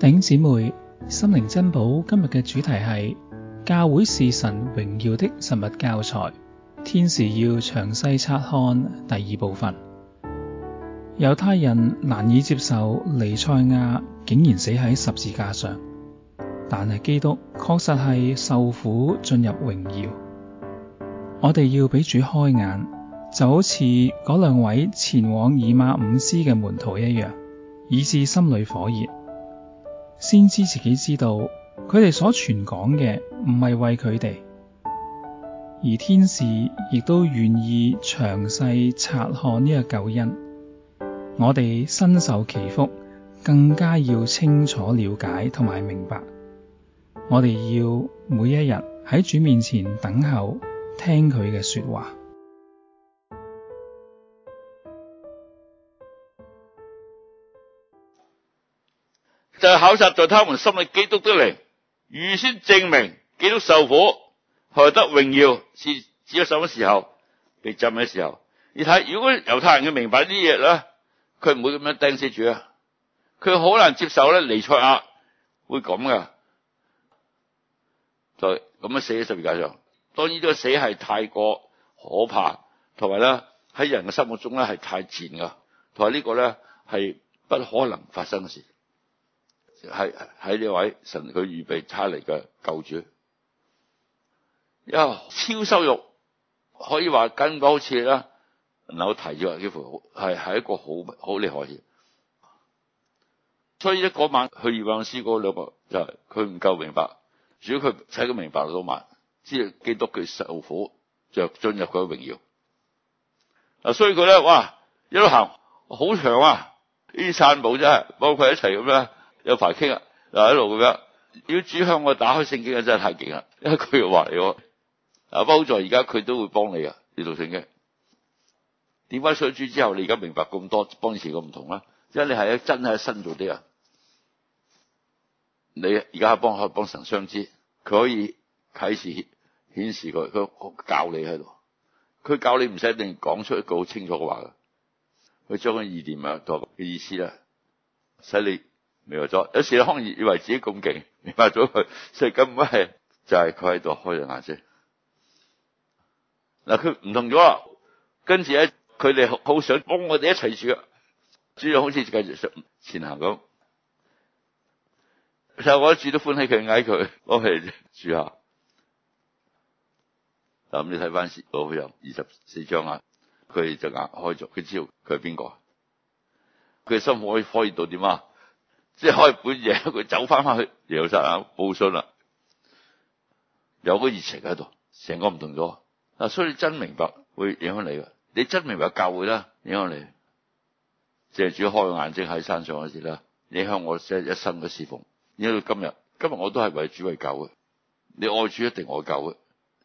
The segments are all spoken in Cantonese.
頂姊妹心靈珍寶，今日嘅主題係教會是神榮耀的實物教材，天使要詳細察看第二部分。猶太人難以接受彌賽亞竟然死喺十字架上，但係基督確實係受苦進入榮耀。我哋要俾主開眼，就好似嗰兩位前往以馬忤斯嘅門徒一樣，以致心裏火熱。先知自己知道，佢哋所傳講嘅唔係為佢哋，而天使亦都願意詳細察看呢個救恩。我哋身受其福，更加要清楚了解同埋明白。我哋要每一日喺主面前等候，聽佢嘅說話。考察在他們心裏基督的靈，預先證明基督受苦後，得榮耀，是指著什麼時候並怎樣的時候？你睇如果猶太人佢明白呢啲嘢咧，佢唔會咁樣釘死主啊！佢好難接受咧彌賽亞會咁噶，就咁樣死喺十字架上。當然呢個死係太過可怕，同埋咧喺人嘅心目中咧係太賤噶，同埋呢個咧係不可能發生嘅事。係喺呢位神佢預備差嚟嘅救主，又超羞辱可以話近嗰次啦，扭提咗幾乎係係一個好好厲害嘅。所以，一嗰晚去以馬忤斯嗰兩個就係佢唔夠明白，如果佢睇到明白到晚，埋，知基督佢受苦就進入佢嘅榮耀。嗱，所以佢咧哇一路行好長啊，呢啲散步真係幫佢一齊咁樣。有排傾啊！嗱喺度咁樣，如果主向我打開聖經，真係太勁啦。因為佢又話你喎，嗱，不好在而家佢都會幫你噶。呢度聖經點解想主之後，你而家明白咁多，幫以前個唔同啦。因為你係真喺新做啲啊，你而家係幫係幫神相知，佢可以啟示顯示佢，佢教你喺度，佢教你唔使一定講出一個好清楚嘅話，佢將個意念啊嘅意思啦，使你。明白咗，有時候可能以為自己咁勁，明白咗佢，所以根本係就係佢喺度開咗眼先。嗱佢唔同咗啦，跟住咧佢哋好想幫我哋一齊住啦，主要好似繼續前行咁。就我一住都歡喜佢嗌佢，我係住下。嗱咁你睇翻我幅有二十四張眼，佢就壓開咗，佢知道佢係邊個，佢嘅心可以開到點啊？即係開一本嘢，佢走翻翻去耶路撒冷報信啦，有個熱情喺度，成個唔同咗。所以你真明白會影響你。你真明白教會啦，影響你。借主要開個眼睛喺山上嗰時啦，影響我即係一生嘅侍奉，影響到今日。今日我都係為主為教嘅。你愛主一定愛教嘅，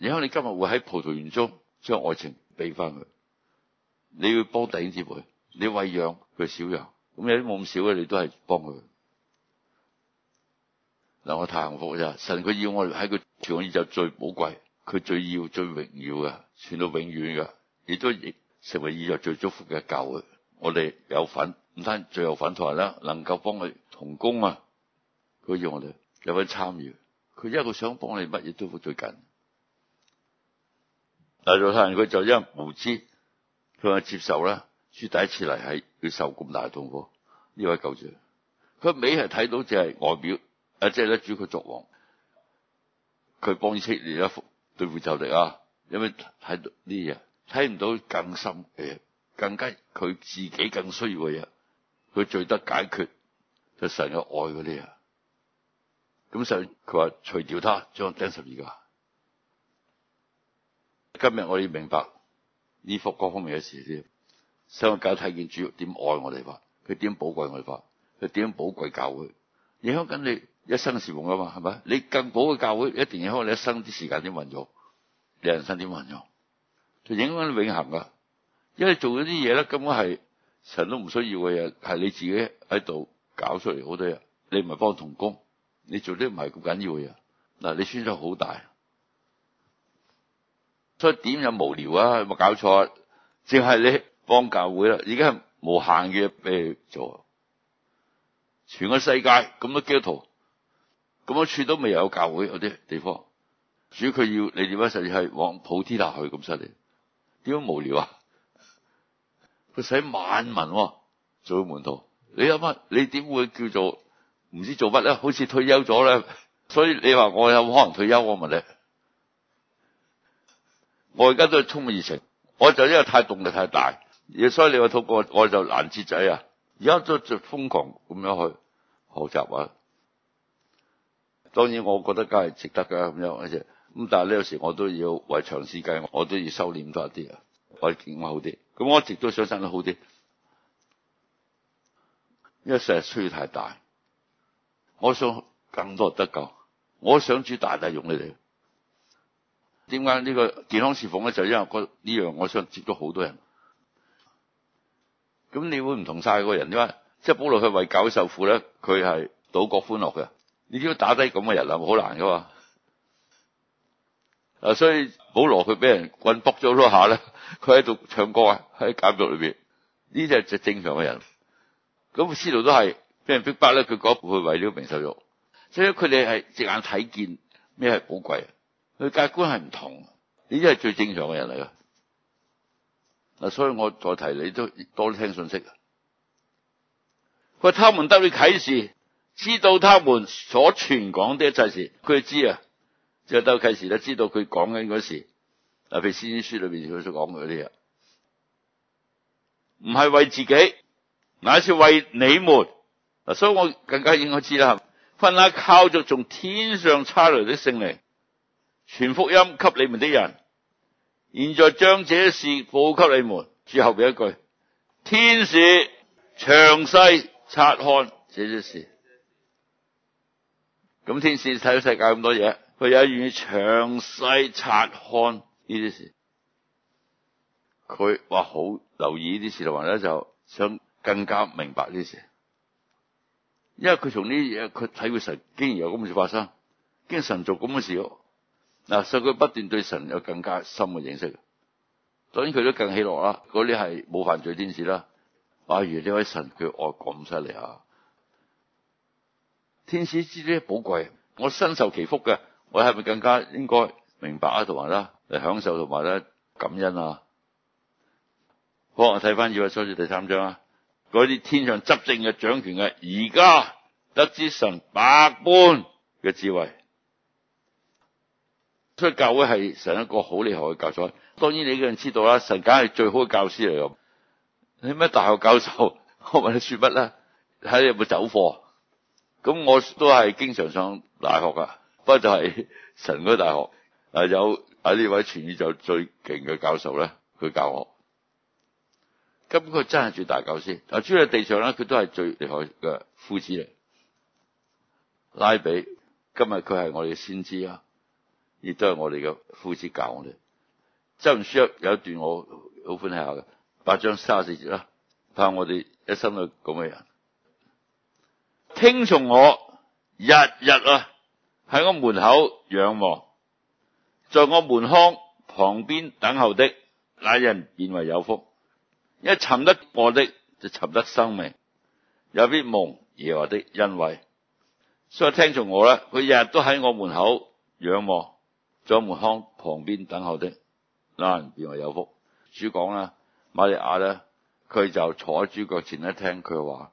影響你今日會喺葡萄園中將愛情俾翻佢。你要幫弟兄姊妹，你餵養佢小羊。咁有啲冇咁少嘅，你都係幫佢。嗱，我太幸福啦！神佢要我喺佢嘅旨意就最寶貴，佢最要最榮耀嘅，傳到永遠嘅，亦都成為宇宙最祝福嘅教會。我哋有份，唔單只有份，同埋啦，能夠幫佢同工啊，佢要我哋有份參與。佢一個想幫你，乜嘢都好。最緊。大係太人佢就因為無知，佢話接受啦，第一次嚟係佢受咁大痛苦。呢位救主，佢尾係睇到就係外表。啊！即係咧，主佢作王，佢幫以色列一幅對付仇敵啊。因為睇到呢嘢，睇唔到更深嘅嘢，更加佢自己更需要嘅嘢，佢最得解決就神嘅愛嗰啲啊。咁神佢話除掉他，將釘十二架。今日我哋要明白呢幅各方面嘅事先，想我教睇見主點愛我哋法，佢點寶貴我哋法，佢點寶貴教會？影響緊你。一生嘅事奉啊嘛，係咪？你更寶嘅教會，一定要開你一生啲時間點運用，你人生點運用，就影翻永恒噶因為做咗啲嘢咧，根本係神都唔需要嘅嘢，係你自己喺度搞出嚟好多嘢。你唔係幫同工，你做啲唔係咁緊要嘅嘢嗱，你損失好大。所以點又無聊啊？有冇搞錯啊？淨係你幫教會啦，已經係無限嘅嘢做，全個世界咁多基督徒。咁一處都未有教會，嗰啲地方，主要佢要你點樣？甚至係往普天下去咁犀利，點解無聊啊？佢使萬民、啊、做到門徒，你有乜？你點會叫做唔知做乜咧？好似退休咗咧，所以你話我有可能退休、啊、我問你，我而家都係充滿熱情，我就因為太動力太大，所以你話透過我就難接仔啊！而家都就瘋狂咁樣去學習啊！當然，我覺得梗係值得㗎咁樣嘅，咁但係呢，有時候我都要為長時計，我都要收斂多啲啊，我健康好啲。咁我一直都想生得好啲，因為成日需要太大，我想更多得救，我想主大大用你哋。點解呢個健康事奉咧？就係因為呢樣，我想接觸好多人。咁你會唔同晒嗰個人？點啊？即係保羅去為狗受苦咧，佢係賭國歡樂嘅。你知道打低咁嘅人啊，好難噶嘛？啊，所以保羅佢俾人棍卜咗咗好多下咧，佢喺度唱歌啊，喺監獄裏邊，呢啲係最正常嘅人。咁司徒都係俾人逼迫咧，佢部去為咗名受辱，所以佢哋係直眼睇見咩係寶貴，佢價值觀係唔同。呢啲係最正常嘅人嚟噶。所以我再提你都多啲聽信息。佢話，他們得了啟示。知道他們所傳講的一切事，佢就知啊。即係得啟示都知道佢講緊嗰事。嗱，彼前書裏邊佢所講嗰啲啊，唔係為自己，乃是為你們啊，所以我更加應該知啦。凡係靠着從天上差來的聖靈傳福音給你們的人，現在將這事報給你們。最後邊一句：天使詳細察看這些事。咁天使睇到世界咁多嘢，佢有願意詳細察看呢啲事，佢話好留意呢啲事就話咧，就想更加明白呢啲事，因為佢從呢啲嘢佢體會神，竟然有咁嘅事發生，竟然神做咁嘅事，嗱，所以佢不斷對神有更加深嘅認識。當然佢都更喜樂啦，嗰啲係冇犯罪天使啦。阿、啊、如呢位神，佢愛咁犀利啊！天使之啲寶貴，我身受其福嘅，我係咪更加應該明白啊，同埋啦，嚟享受同埋咧，感恩啊？好，我睇翻《以弗所書》第三章啊，嗰啲天上執政嘅掌權嘅，而家得知神百般嘅智慧，所以教會係成一個好厲害嘅教材。當然你個人知道啦，神梗係最好嘅教師嚟嘅。你咩大學教授？我問你說乜啦？睇你有冇走貨？咁我都係經常上大學噶不過就係神嗰大學，啊，有喺呢位全宇宙最勁嘅教授咧，佢教我，咁佢真係最大教師，啊，諸喺地上咧，佢都係最厲害嘅夫子嚟，拉比，今日佢係我哋嘅先知啊，亦都係我哋嘅夫子教我哋。箴言書有一段我好歡喜下嘅，八章三十四節啦，怕我哋一生都咁嘅人。聽從我，日日啊喺我門口仰望，在我門框旁邊等候的那人變為有福，因尋得我的，就尋得生命，有必蒙耶和華的恩惠。所以聽從我啦，佢日日都喺我門口仰望，在我門框旁邊等候的那人變為有福。主講啦，瑪利亞咧，佢就坐喺主腳前一聽佢話。他說